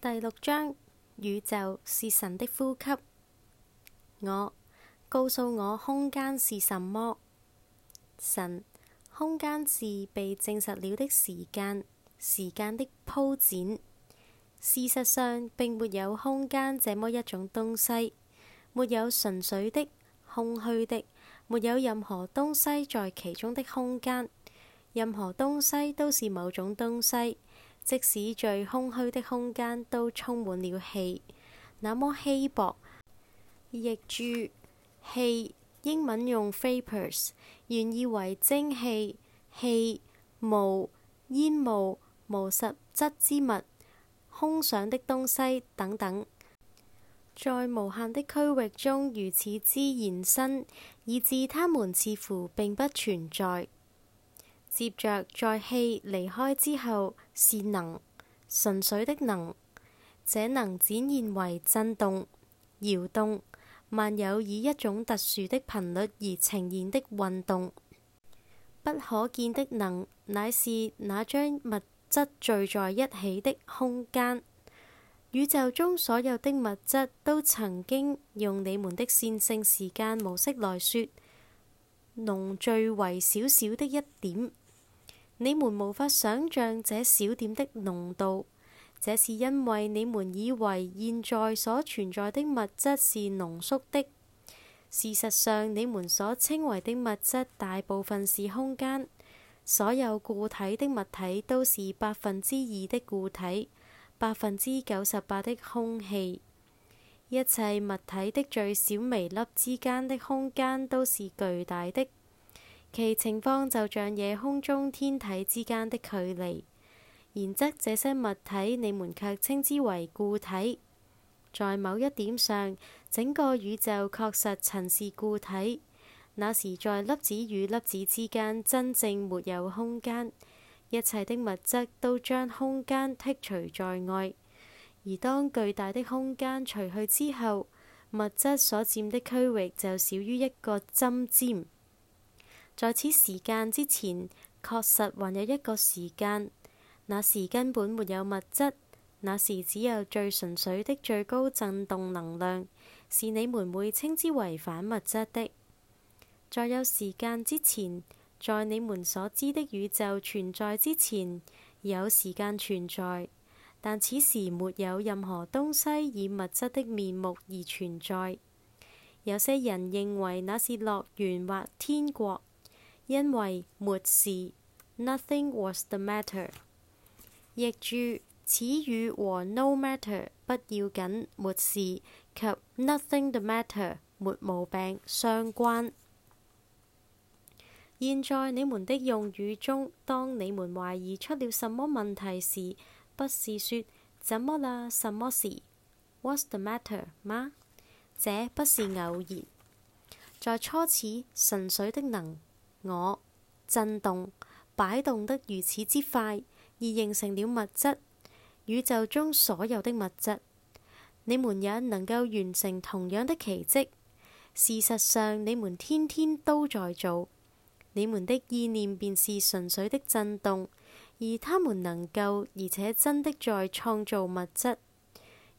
第六章，宇宙是神的呼吸。我告訴我空間是什麼？神，空間是被證實了的時間，時間的鋪展。事實上並沒有空間這麼一種東西，沒有純粹的空虛的，沒有任何東西在其中的空間，任何東西都是某種東西。即使最空虛的空間都充滿了氣，那麼稀薄、亦珠、氣，英文用 vapors，原意為蒸汽、氣霧、煙霧、無實質之物、空想的東西等等，在無限的區域中如此之延伸，以致他們似乎並不存在。接着在氣，在氣離開之後，是能純粹的能。這能展現為震動、搖動，萬有以一種特殊的頻率而呈現的運動。不可見的能，乃是那將物質聚在一起的空間。宇宙中所有的物質都曾經用你們的線性時間模式來説，濃聚為小小的一點。你們無法想像這小點的濃度，這是因為你們以為現在所存在的物質是濃縮的。事實上，你們所稱為的物質大部分是空間。所有固體的物體都是百分之二的固體，百分之九十八的空氣。一切物體的最小微粒之間的空間都是巨大的。其情況就像夜空中天體之間的距離，然則這些物體你們卻稱之為固體。在某一點上，整個宇宙確實曾是固體。那時在粒子與粒子之間真正沒有空間，一切的物質都將空間剔除在外。而當巨大的空間除去之後，物質所佔的區域就少於一個針尖。在此時間之前，確實還有一個時間，那時根本沒有物質，那時只有最純粹的最高振動能量，是你們會稱之為反物質的。在有時間之前，在你們所知的宇宙存在之前，有時間存在，但此時沒有任何東西以物質的面目而存在。有些人認為那是樂園或天國。因為沒事，nothing was the matter。譯注：此語和 no matter 不要緊、沒事，及 nothing the matter 沒毛病相關。現在你們的用語中，當你們懷疑出了什麼問題時，不是說怎麼啦、什麼事，what's the matter 嗎？這不是偶然，在初始純粹的能。我震動擺動得如此之快，而形成了物質。宇宙中所有的物質，你們也能夠完成同樣的奇蹟。事實上，你們天天都在做。你們的意念便是純粹的震動，而他們能夠而且真的在創造物質。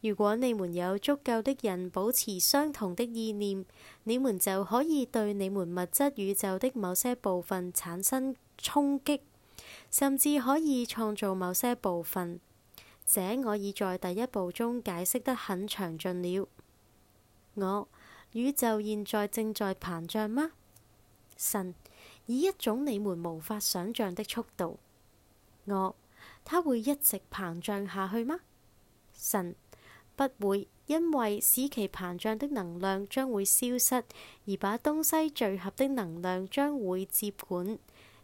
如果你們有足夠的人保持相同的意念，你們就可以對你們物質宇宙的某些部分產生衝擊，甚至可以創造某些部分。這我已在第一部中解釋得很詳盡了。我，宇宙現在正在膨脹嗎？神，以一種你們無法想象的速度。我，它會一直膨脹下去嗎？神。不會，因為使其膨脹的能量將會消失，而把東西聚合的能量將會接管。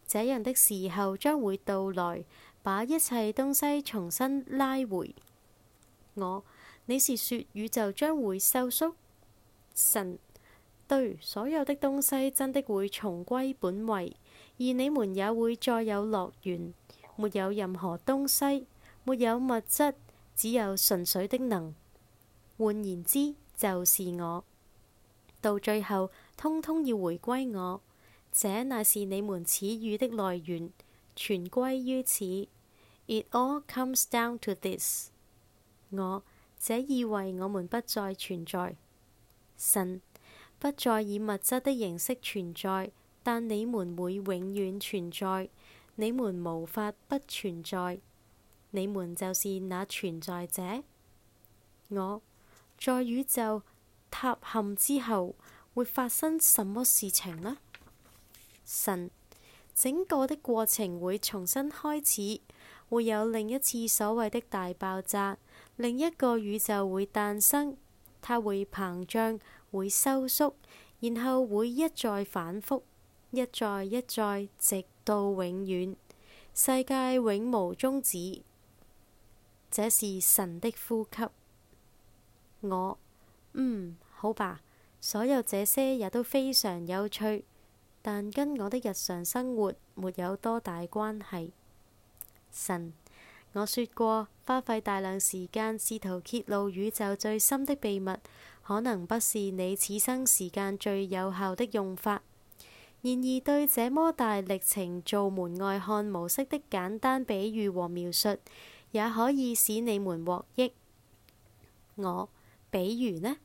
這樣的時候將會到來，把一切東西重新拉回我。你是說宇宙將會收縮？神，對，所有的東西真的會重歸本位，而你們也會再有樂園，沒有任何東西，沒有物質，只有純粹的能。換言之，就是我到最後通通要回歸我。這乃是你們此語的來源，全歸於此。It all comes down to this。我。我這意味我們不再存在，神不再以物質的形式存在，但你們會永遠存在。你們無法不存在，你們就是那存在者。我。在宇宙塌陷之後，會發生什麼事情呢？神整個的過程會重新開始，會有另一次所謂的大爆炸，另一個宇宙會誕生，它會膨脹，會收縮，然後會一再反覆，一再一再，直到永遠，世界永無終止。這是神的呼吸。我嗯，好吧，所有這些也都非常有趣，但跟我的日常生活沒有多大關係。神，我說過，花費大量時間試圖揭露宇宙最深的秘密，可能不是你此生時間最有效的用法。然而，對這麼大歷程做門外漢模式的簡單比喻和描述，也可以使你們獲益。我。比如呢，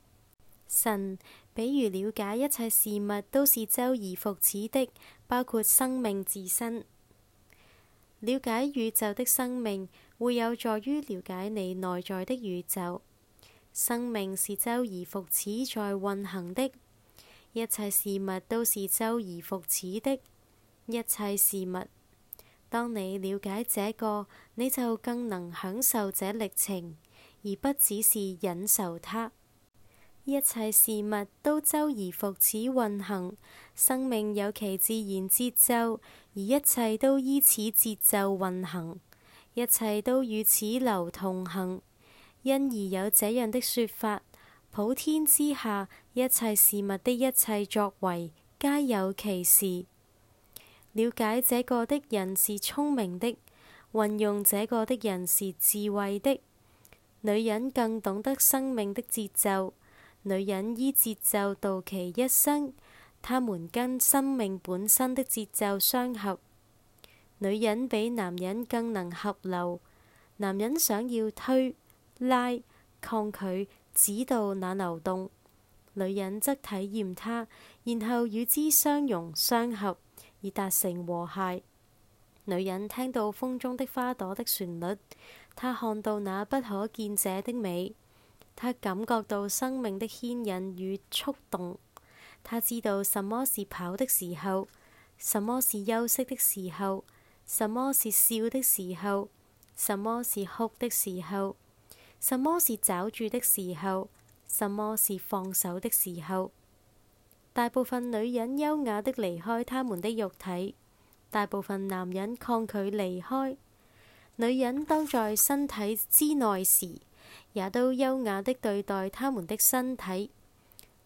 神，比如了解一切事物都是周而復始的，包括生命自身。了解宇宙的生命，會有助於了解你內在的宇宙。生命是周而復始在運行的，一切事物都是周而復始的。一切事物，當你了解這個，你就更能享受這歷程。而不只是忍受它。一切事物都周而復始運行，生命有其自然節奏，而一切都依此節奏運行，一切都與此流同行，因而有這樣的說法：普天之下一切事物的一切作為皆有其時。了解這個的人是聰明的，運用這個的人是智慧的。女人更懂得生命的節奏，女人依節奏渡其一生，她們跟生命本身的節奏相合。女人比男人更能合流，男人想要推拉抗拒指導那流動。女人則體驗它，然後與之相融相合，以達成和諧。女人聽到風中的花朵的旋律。他看到那不可見者的美，他感覺到生命的牽引與觸動。他知道什麼是跑的時候，什麼是休息的時候，什麼是笑的時候，什麼是哭的時候，什麼是抓住的時候，什麼是放手的時候。大部分女人優雅的離開他們的肉體，大部分男人抗拒離開。女人當在身體之內時，也都優雅的對待他們的身體。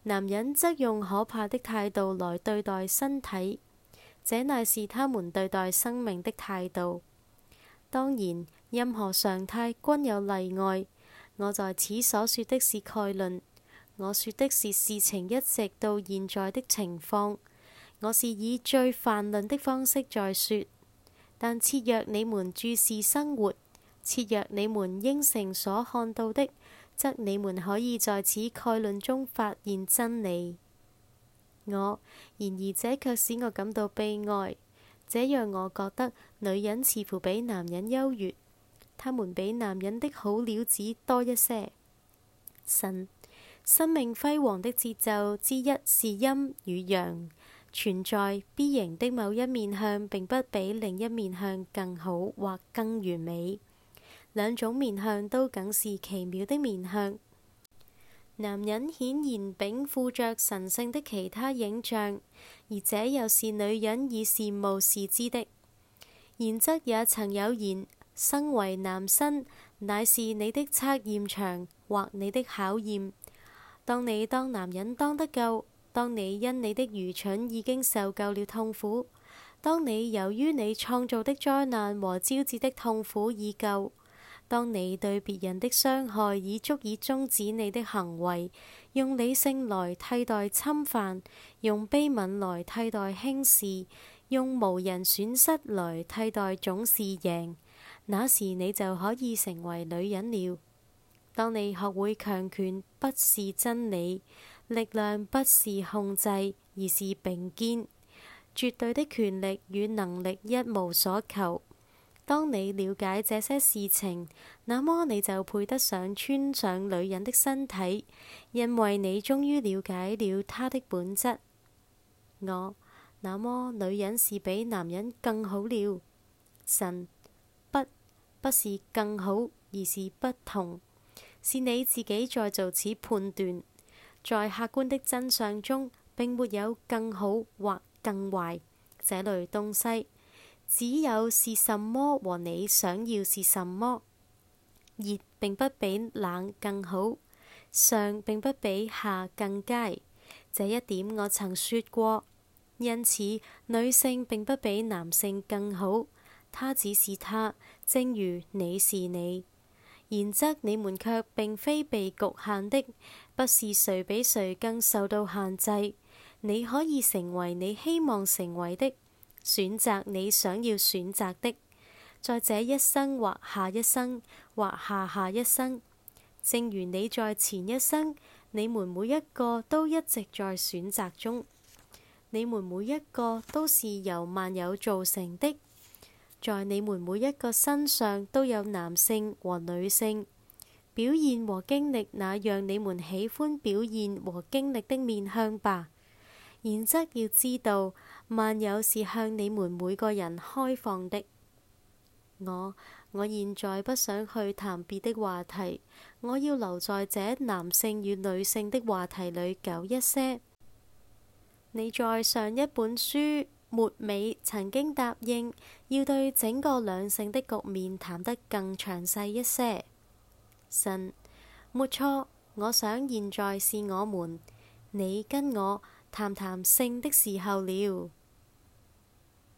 男人則用可怕的態度來對待身體，這乃是他們對待生命的態度。當然，任何常態均有例外。我在此所說的是概論，我說的是事情一直到現在的情況。我是以最泛論的方式在說。但切若你們注視生活，切若你們應承所看到的，則你們可以在此概論中發現真理。我，然而這卻使我感到悲哀，這讓我覺得女人似乎比男人優越，他們比男人的好料子多一些。神，生命輝煌的節奏之一是陰與陽。存在 B 型的某一面向，並不比另一面向更好或更完美。兩種面向都僅是奇妙的面向。男人顯然稟賦著神聖的其他影像，而這又是女人以羡慕視之的。然則也曾有言：身為男生乃是你的測驗場或你的考驗，當你當男人當得夠。當你因你的愚蠢已經受夠了痛苦，當你由於你創造的災難和招致的痛苦已夠，當你對別人的傷害已足以終止你的行為，用理性來替代侵犯，用悲憫來替代輕視，用無人損失來替代總是贏，那時你就可以成為女人了。當你學會強權不是真理。力量不是控制，而是並肩。絕對的權力與能力一無所求。當你了解這些事情，那麼你就配得上穿上女人的身體，因為你終於了解了她的本質。我，那麼女人是比男人更好了。神，不，不是更好，而是不同。是你自己在做此判斷。在客觀的真相中，並沒有更好或更壞這類東西，只有是什麼和你想要是什麼。熱並不比冷更好，上並不比下更佳。這一點我曾說過，因此女性並不比男性更好，她只是她，正如你是你。然則你們卻並非被局限的，不是誰比誰更受到限制。你可以成為你希望成為的，選擇你想要選擇的，在這一生或下一生或下下一生，正如你在前一生，你們每一個都一直在選擇中，你們每一個都是由萬有造成的。在你們每一個身上都有男性和女性表現和經歷，那讓你們喜歡表現和經歷的面向吧。然則要知道，萬有是向你們每個人開放的。我，我現在不想去談別的話題，我要留在這男性與女性的話題裏久一些。你在上一本書。末尾曾經答應要對整個兩性的局面談得更詳細一些。神，沒錯，我想現在是我們，你跟我談談性的時候了。